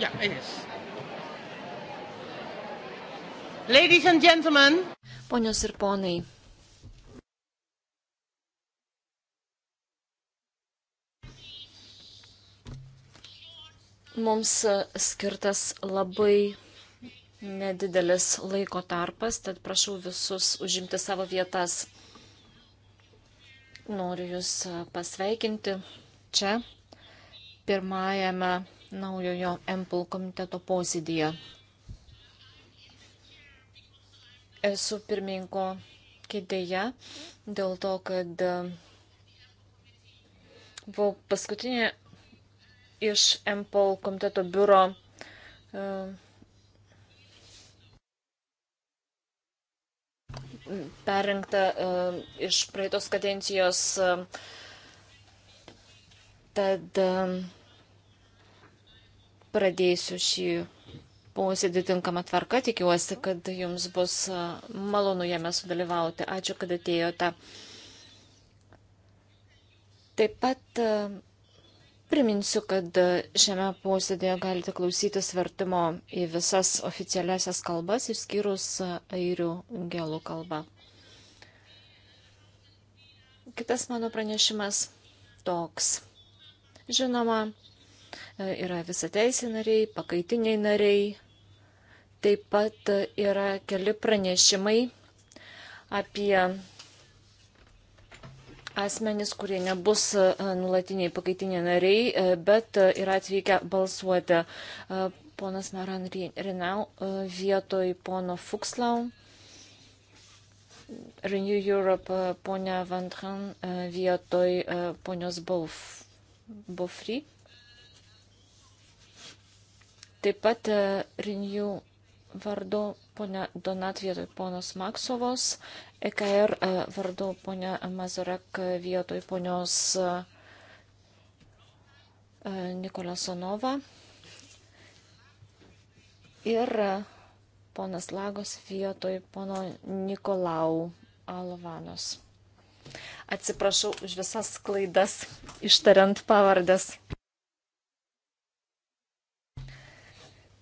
Yeah, it is. Ladies and gentlemen. Ponios ir ponai. Mums e, skirtas labai nedidelis laiko tarpas, tad prašau visus užimti savo vietas. Noriu Jūs e, pasveikinti čia, pirmajame naujojo MPL komiteto posėdėje. Esu pirmininko kėdėje dėl to, kad e, buvau paskutinė iš MPL komiteto biuro e, perinkta e, iš praeitos kadencijos. Tad pradėsiu šį posėdį tinkamą tvarką. Tikiuosi, kad jums bus malonu jame sudalyvauti. Ačiū, kad atėjote. Taip pat priminsiu, kad šiame posėdėje galite klausytis vertimo į visas oficialiasias kalbas, išskyrus airių gelų kalbą. Kitas mano pranešimas toks. Žinoma, E, yra visateisiai nariai, pakaitiniai nariai. Taip pat e, yra keli pranešimai apie asmenys, kurie nebus e, nulatiniai pakaitiniai nariai, bet yra atvykę balsuoti. Ponas Naran Rinau vietoj pono Fukslau. Renew Europe ponia Vantran vietoj ponios Bauf. Bofri. Taip pat e, Renew vardu ponia Donat vietoj ponos Maksovos, EKR e, vardu ponia Mazurek vietoj ponios e, Nikolasonova ir ponas Lagos vietoj pono Nikolau Alvanos. Atsiprašau už visas klaidas ištariant pavardės.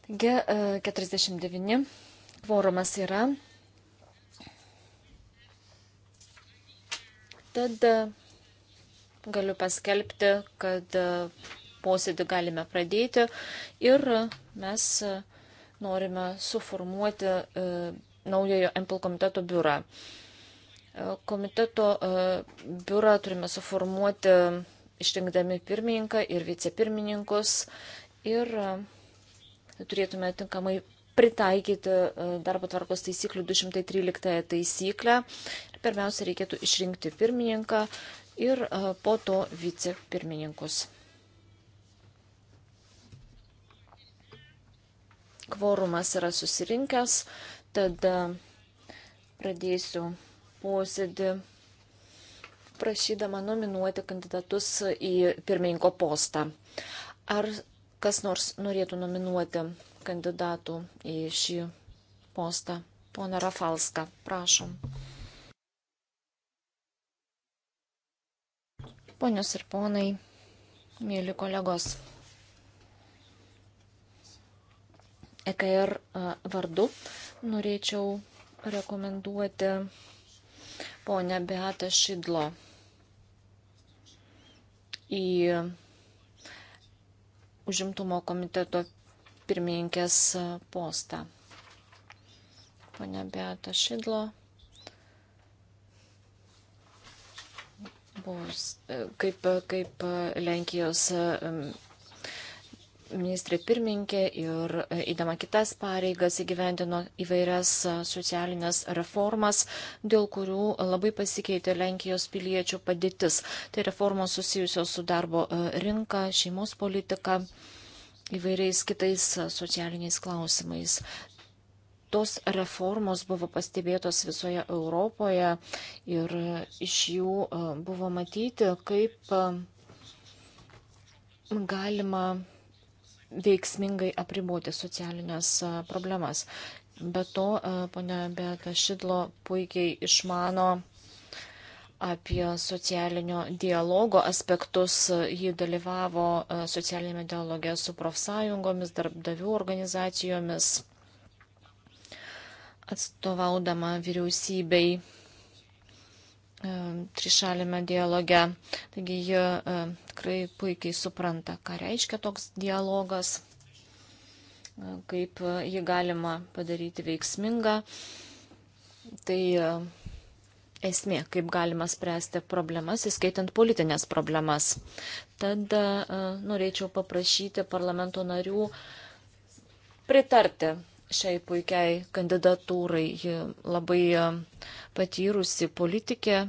G49 e, kvorumas yra. Tad e, galiu paskelbti, kad e, posėdį galime pradėti ir mes norime suformuoti naujojo MPL komiteto biurą. Komiteto biurą turime suformuoti išrinkdami pirmininką ir vicepirmininkus ir turėtume tinkamai pritaikyti e, darbo tvarkos taisyklių 213 taisyklę. Pirmiausia, reikėtų išrinkti pirmininką ir e, po to vicepirmininkus. Kvorumas yra susirinkęs, tad pradėsiu posėdį prašydama nominuoti kandidatus į pirmininko postą. Ar kas nors norėtų nominuoti kandidatų į šį postą. Pona Rafalska, prašom. Ponios ir ponai, mėly kolegos. EKR er, e, vardu norėčiau rekomenduoti ponę Beatą Šidlo į užimtumo komiteto pirmininkės postą. Pone Beata Šidlo bus kaip, kaip Lenkijos ministrė pirmininkė ir e, įdama kitas pareigas įgyvendino įvairias e, socialinės reformas, dėl kurių labai pasikeitė Lenkijos piliečių padėtis. Tai reformos susijusios su darbo e, rinka, šeimos politika, įvairiais kitais socialiniais klausimais. Tos reformos buvo pastebėtos visoje Europoje ir iš jų buvo matyti, kaip galima veiksmingai apriboti socialinės problemas. Be to, ponia Beata Šidlo puikiai išmano apie socialinio dialogo aspektus. Ji dalyvavo socialinėme dialoge su profsąjungomis, darbdavių organizacijomis, atstovaudama vyriausybei trišalime dialoge. Taigi ji e, tikrai puikiai supranta, ką reiškia toks dialogas, e, kaip e, jį galima padaryti veiksmingą. Tai esmė, kaip galima spręsti problemas, įskaitant politinės problemas. Tad norėčiau paprašyti parlamento narių pritarti šiai puikiai kandidatūrai. Ji labai patyrusi politikė,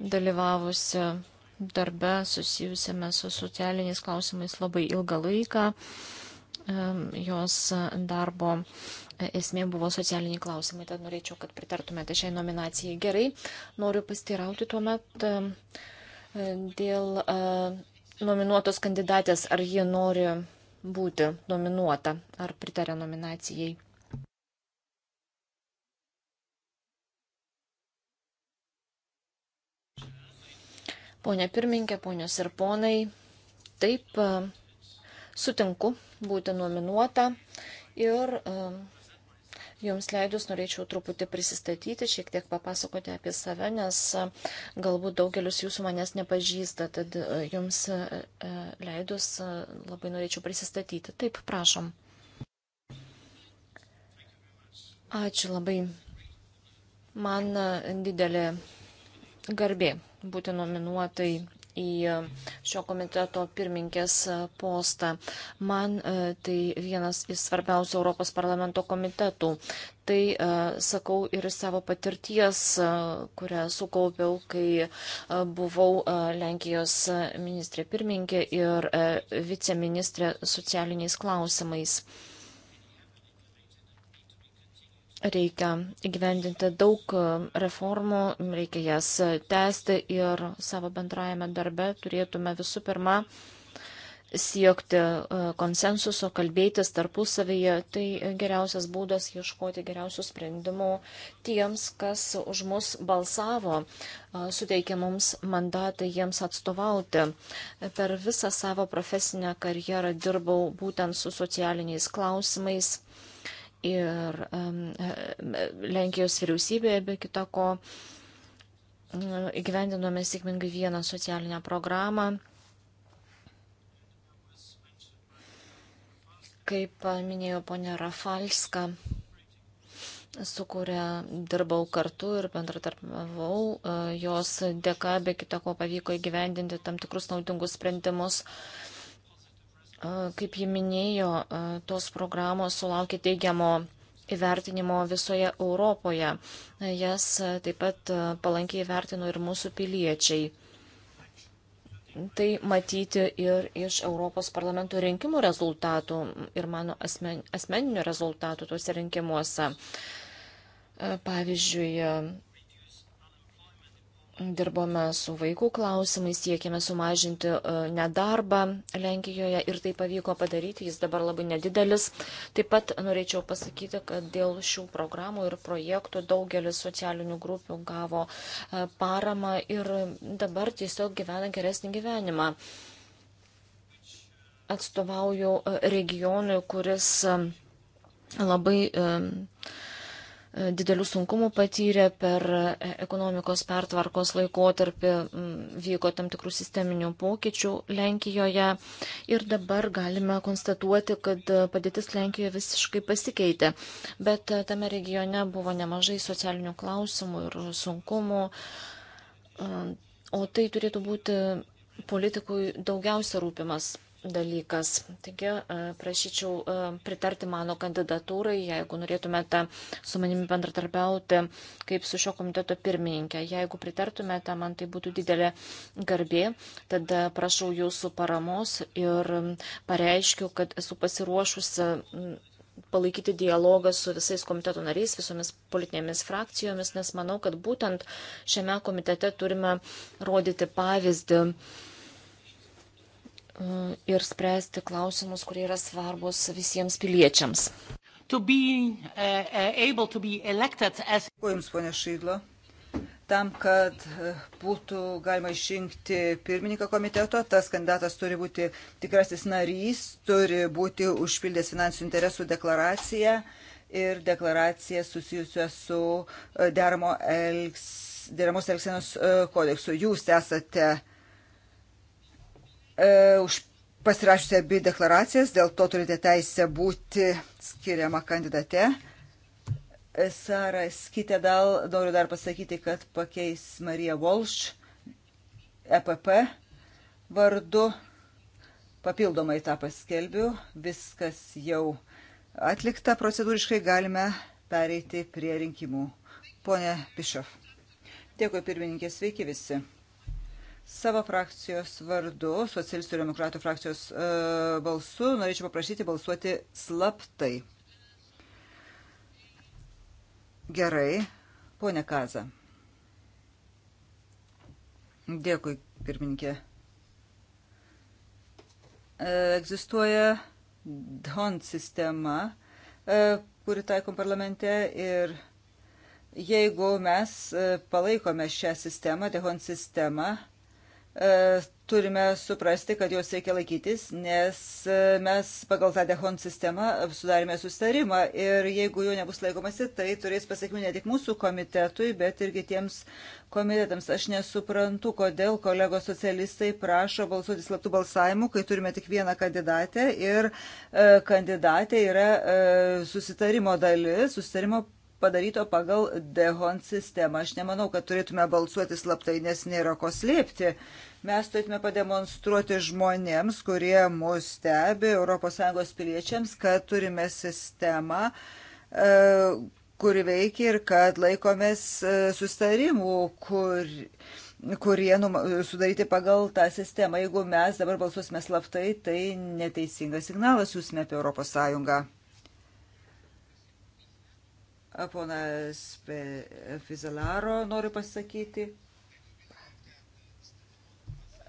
dalyvavusi darbe susijusiame su socialiniais klausimais labai ilgą laiką. Jos darbo esmė buvo socialiniai klausimai, tad norėčiau, kad pritartumėte šiai nominacijai. Gerai, noriu pastirauti tuomet dėl nominuotos kandidatės, ar ji nori būti nominuota, ar pritarė nominacijai. Pone pirmininkė, ponios ir ponai, taip e, sutinku būti nominuota ir e, Jums leidus norėčiau truputį prisistatyti, šiek tiek papasakoti apie save, nes e, galbūt daugelis jūsų manęs nepažįsta, tad jums leidus labai norėčiau prisistatyti. Taip, prašom. Ačiū labai. Man didelė garbė būti nominuotai į e, šio komiteto pirmininkės e, postą. Man e, tai vienas iš svarbiausių Europos parlamento komitetų. Tai sakau ir savo patirties, kurią sukaupiau, kai buvau Lenkijos ministrė pirmininkė ir viceministrė socialiniais klausimais. Reikia įgyvendinti daug e, reformų, reikia jas e, tęsti ir savo bendrajame darbe turėtume visų pirma siekti e, konsensuso, kalbėtis tarpusavyje, tai geriausias būdas ieškoti geriausių sprendimų tiems, kas už mus balsavo, suteikė mums mandatą jiems atstovauti. Per visą savo profesinę karjerą dirbau būtent su socialiniais klausimais ir e, Lenkijos vyriausybėje, be kita ko, įgyvendinome sėkmingai vieną socialinę programą. Kaip minėjo ponė Rafalska, su kuria dirbau tarp, kartu ir bendratarpavau, e, jos dėka, be kita ko, pavyko įgyvendinti tam tikrus naudingus sprendimus. Uh, Kaip ji minėjo, tos programos sulaukė teigiamo įvertinimo visoje Europoje. Jas taip pat palankiai vertino ir mūsų piliečiai. Tai matyti ir iš Europos parlamento rinkimų rezultatų ir mano asmen, asmeninių rezultatų tuose rinkimuose. Pavyzdžiui, dirbome su vaikų klausimais, siekėme sumažinti e, nedarbą Lenkijoje ir tai pavyko padaryti, jis dabar labai nedidelis. Taip pat norėčiau pasakyti, kad dėl šių programų ir projektų daugelis socialinių grupių gavo e, paramą ir dabar tiesiog gyvena geresnį gyvenimą. Atstovauju e, regionui, kuris labai didelių sunkumų patyrė per e, ekonomikos pertvarkos laikotarpį, vyko tam tikrų sisteminių pokyčių Lenkijoje ir dabar galime konstatuoti, kad e, padėtis Lenkijoje visiškai pasikeitė. Bet e, tame regione buvo nemažai socialinių klausimų ir sunkumų, o tai turėtų būti politikui daugiausia rūpimas dalykas. Taigi e, prašyčiau e, pritarti mano kandidatūrai, jeigu norėtumėte su manimi bendratarbiauti kaip su šio komiteto pirmininkė. Jeigu pritartumėte, man tai būtų didelė garbė, tada e, prašau jūsų paramos ir pareiškiu, kad esu pasiruošusi palaikyti dialogą su visais komiteto nariais, visomis politinėmis frakcijomis, nes manau, kad būtent šiame komitete turime rodyti pavyzdį Mm, ir spręsti klausimus, kurie yra svarbus visiems piliečiams. Be, uh, uh as... Kuo Jums, ponė Šydlo? Tam, kad uh, būtų galima išrinkti pirmininką komiteto, tas kandidatas turi būti tikrasis narys, turi būti užpildęs finansų interesų deklaraciją ir deklaraciją susijusią su uh, deramo elgs, deramos elgsenos kodeksu. Jūs esate uh, e, už pasirašiusi abi deklaracijas, dėl to turite teisę būti skiriama kandidate. E, Sara Skite dal, noriu dar pasakyti, kad pakeis Marija Walsh EPP vardu. Papildomai tą paskelbiu. Viskas jau atlikta procedūriškai, galime pereiti prie rinkimų. Pone Pišov. Dėkui pirmininkė, sveiki visi. Savo frakcijos vardu, socialistų ir demokratų frakcijos e, balsu, norėčiau paprašyti balsuoti slaptai. Gerai, ponė Kaza. Dėkui, pirmininkė. E, egzistuoja DON sistema, e, kuri taikom parlamente ir jeigu mes palaikome šią sistemą, DON sistemą, E, turime suprasti, kad jos reikia laikytis, nes e, mes pagal tą dehon sistemą sudarėme sustarimą ir jeigu jo nebus laikomasi, tai turės pasiekmių ne tik mūsų komitetui, bet ir kitiems komitetams. Aš nesuprantu, kodėl kolegos socialistai prašo balsuoti slaptų balsavimų, kai turime tik vieną kandidatę ir e, kandidatė yra e, susitarimo dalis, susitarimo padaryto pagal DEHON sistemą. Aš nemanau, kad turėtume balsuoti slaptai, nes nėra ko slėpti. Mes turėtume pademonstruoti žmonėms, kurie mus stebi, ES piliečiams, kad turime sistemą, e, kuri veikia ir kad laikomės e, sustarimų, kur kurie sudaryti pagal tą sistemą. Jeigu mes dabar balsuosime slaptai, tai neteisingas signalas siūsime apie Europos Sąjungą. Ponas Fizelaro noriu pasakyti.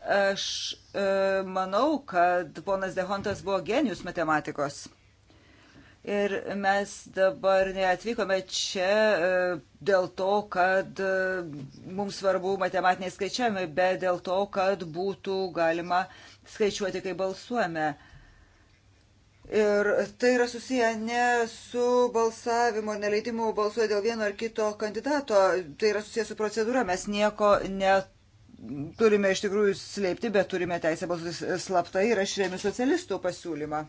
Aš e, manau, kad ponas Dehontas buvo genijus matematikos. Ir mes dabar neatvykome čia e, dėl to, kad e, mums svarbu matematiniai skaičiavimai, bet dėl to, kad būtų galima skaičiuoti, kai balsuojame. Ir tai yra susiję ne su balsavimo, neleidimu balsuoti dėl vieno ar kito kandidato, tai yra susiję su procedūra, mes nieko neturime iš tikrųjų slėpti, bet turime teisę balsuoti slaptai ir aš remiu socialistų pasiūlymą.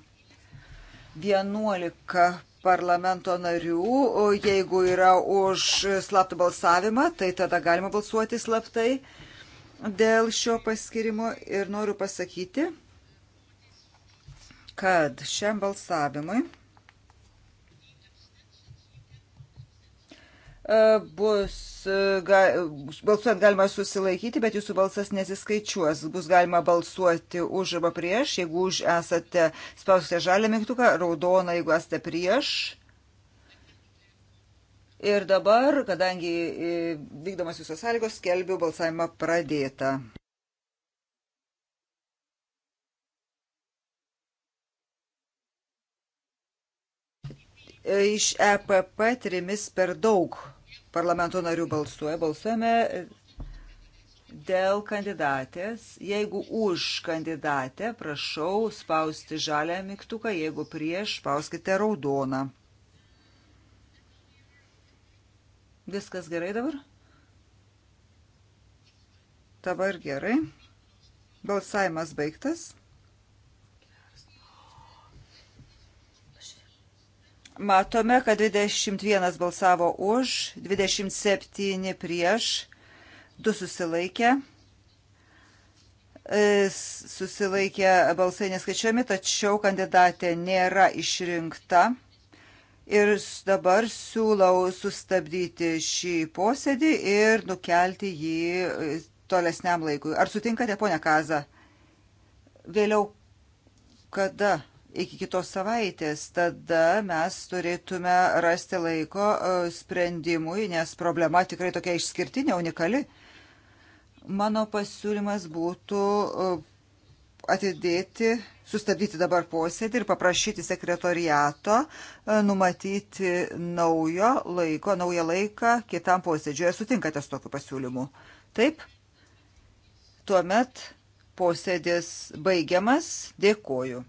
11 parlamento narių, jeigu yra už slaptą balsavimą, tai tada galima balsuoti slaptai dėl šio paskirimo ir noriu pasakyti, kad šiam balsavimui e, bus, e, ga, balsuojant galima susilaikyti, bet jūsų balsas nesiskaičiuos. Bus galima balsuoti už arba prieš. Jeigu už esate, spausite žalią mygtuką, raudoną, jeigu esate prieš. Ir dabar, kadangi e, vykdomas visos sąlygos, skelbiu balsavimą pradėtą. iš EPP trimis per daug parlamento narių balsuoja. Balsuojame dėl kandidatės. Jeigu už kandidatę, prašau spausti žalę mygtuką, jeigu prieš, spauskite raudoną. Viskas gerai dabar? Dabar gerai. Balsavimas baigtas. Matome, kad 21 balsavo už, 27 prieš, 2 susilaikė. E, susilaikė balsai neskaičiami, tačiau kandidatė nėra išrinkta. Ir dabar siūlau sustabdyti šį posėdį ir nukelti jį e, tolesniam laikui. Ar sutinkate, ponia Kaza? Vėliau kada? iki kitos savaitės. Tada mes turėtume rasti laiko e, sprendimui, nes problema tikrai tokia išskirtinė, unikali. Mano pasiūlymas būtų e, atidėti, sustabdyti dabar posėdį ir paprašyti sekretoriato e, numatyti naujo laiko, naują laiką kitam posėdžiui. Ar sutinkate su tokiu pasiūlymu? Taip? Tuomet posėdis baigiamas. Dėkoju.